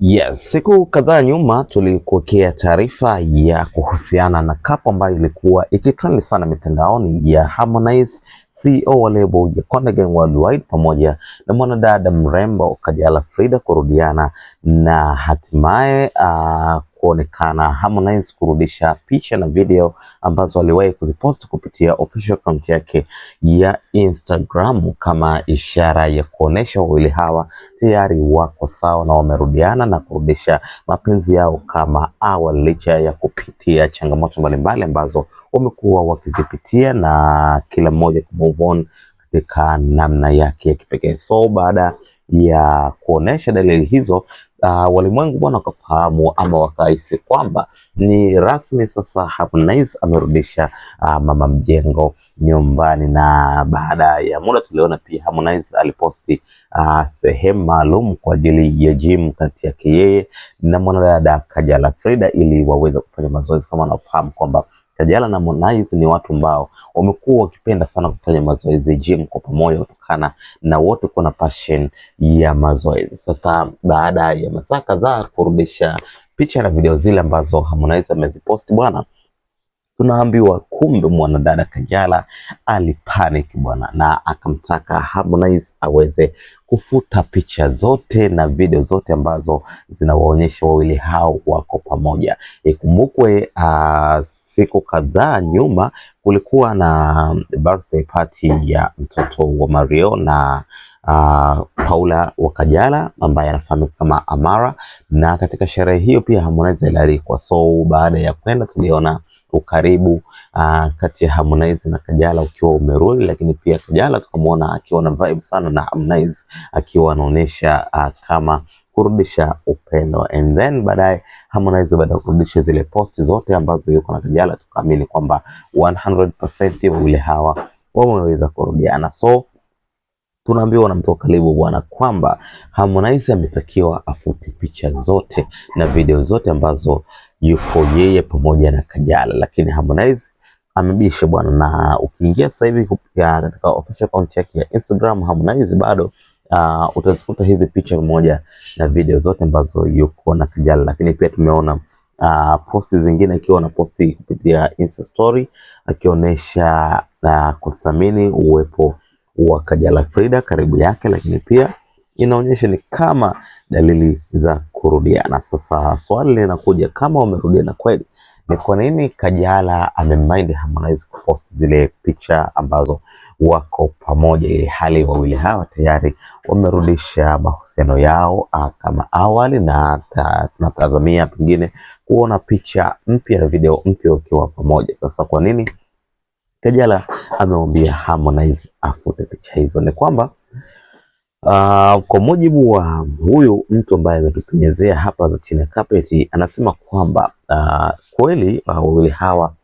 Yes, siku kadhaa nyuma tulikuwekea taarifa ya kuhusiana na kapu ambayo ilikuwa ikitrend sana mitandaoni ya Harmonize, CEO wa lebo ya Konde Gang Worldwide pamoja na mwanadada mrembo Kajala Frida kurudiana na hatimaye uh, kuonekana Harmonize kurudisha picha na video ambazo aliwahi kuzipost kupitia official account yake ya Instagram kama ishara ya kuonesha wawili hawa tayari wako sawa na wamerudiana na kurudisha mapenzi yao kama awali, licha ya kupitia changamoto mbalimbali ambazo wamekuwa wakizipitia na kila mmoja ku move on katika namna yake ya kipekee. So baada ya kuonesha dalili hizo uh, walimwengu bwana wakafahamu ama wakahisi kwamba ni rasmi sasa Harmonize amerudisha uh, mama mjengo nyumbani. Na baada ya muda tuliona pia Harmonize aliposti uh, sehemu maalum kwa ajili ya gym kati yake yeye na mwanadada Kajala Frida ili waweze kufanya mazoezi, kama wanafahamu kwamba Kajala na Harmonize ni watu ambao wamekuwa wakipenda sana kufanya mazoezi gym kwa pamoja, kutokana na wote kuwa na passion ya mazoezi. Sasa baada ya masaa kadhaa kurudisha picha na video zile ambazo Harmonize ameziposti bwana tunaambiwa kumbe mwanadada Kajala alipanic bwana, na akamtaka Harmonize aweze kufuta picha zote na video zote ambazo zinawaonyesha wawili hao wako pamoja. Ikumbukwe uh, siku kadhaa nyuma kulikuwa na birthday party ya mtoto wa Mario na uh, Paula wa Kajala ambaye anafahamika kama Amara, na katika sherehe hiyo pia Harmonize alialikwa. So baada ya kwenda tuliona ukaribu uh, kati ya Harmonize na Kajala ukiwa umerudi, lakini pia Kajala tukamwona akiwa na vibe sana na Harmonize akiwa anaonyesha uh, ah, kama kurudisha upendo and then baadaye Harmonize baada ya kurudisha zile posti zote ambazo yuko na Kajala, tukaamini kwamba 100% wawili hawa wameweza kurudiana. So tunaambiwa na mtu wa karibu bwana kwamba Harmonize ametakiwa afute picha zote na video zote ambazo yupo yeye pamoja na Kajala, lakini Harmonize amebisha bwana, na ukiingia sasa hivi katika official account yake ya Instagram Harmonize bado uh, utazikuta hizi picha pamoja na video zote ambazo yuko na Kajala, lakini pia tumeona Uh, posti zingine akiwa na posti kupitia Insta story akionyesha uh, kuthamini uwepo wa Kajala Frida karibu yake, lakini pia inaonyesha ni kama dalili za kurudiana. Sasa swali linakuja, kama wamerudiana kweli, ni kwa nini Kajala amemind Harmonize kupost zile picha ambazo wako pamoja, ili hali wawili hawa tayari wamerudisha mahusiano yao ah, kama awali, na tunatazamia pengine kuona picha mpya na video mpya wakiwa pamoja. Sasa kwa nini Kajala amemwambia Harmonize afute picha hizo? Ni kwamba Uh, kwa mujibu wa huyu mtu ambaye ametupenyezea hapa za chini ya kapeti anasema kwamba uh, kweli uh, wawili hawa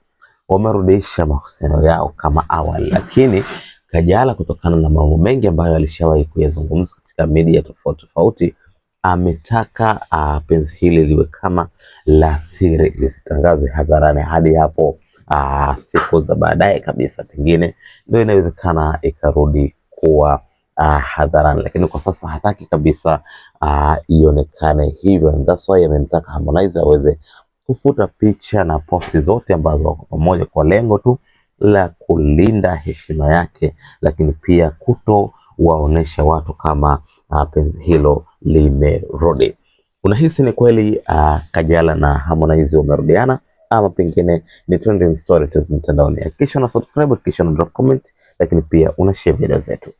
wamerudisha mahusiano yao kama awali, lakini Kajala kutokana na mambo mengi ambayo alishawahi kuyazungumza katika media tofauti tofauti ametaka uh, penzi hili liwe kama la siri lisitangazwe hadharani hadi hapo uh, siku za baadaye kabisa, pengine ndio inawezekana ikarudi kuwa uh, hadharani, lakini kwa sasa hataki kabisa uh, ionekane hivyo, and that's why amemtaka Harmonize aweze kufuta picha na posti zote ambazo pamoja, kwa lengo tu la kulinda heshima yake, lakini pia kutowaonesha watu kama uh, penzi hilo limerudi. Unahisi ni kweli uh, Kajala na Harmonize wamerudiana ama pengine ni trending story tu mtandaoni? Hakikisha una subscribe, hakikisha una drop comment, lakini pia una share video zetu.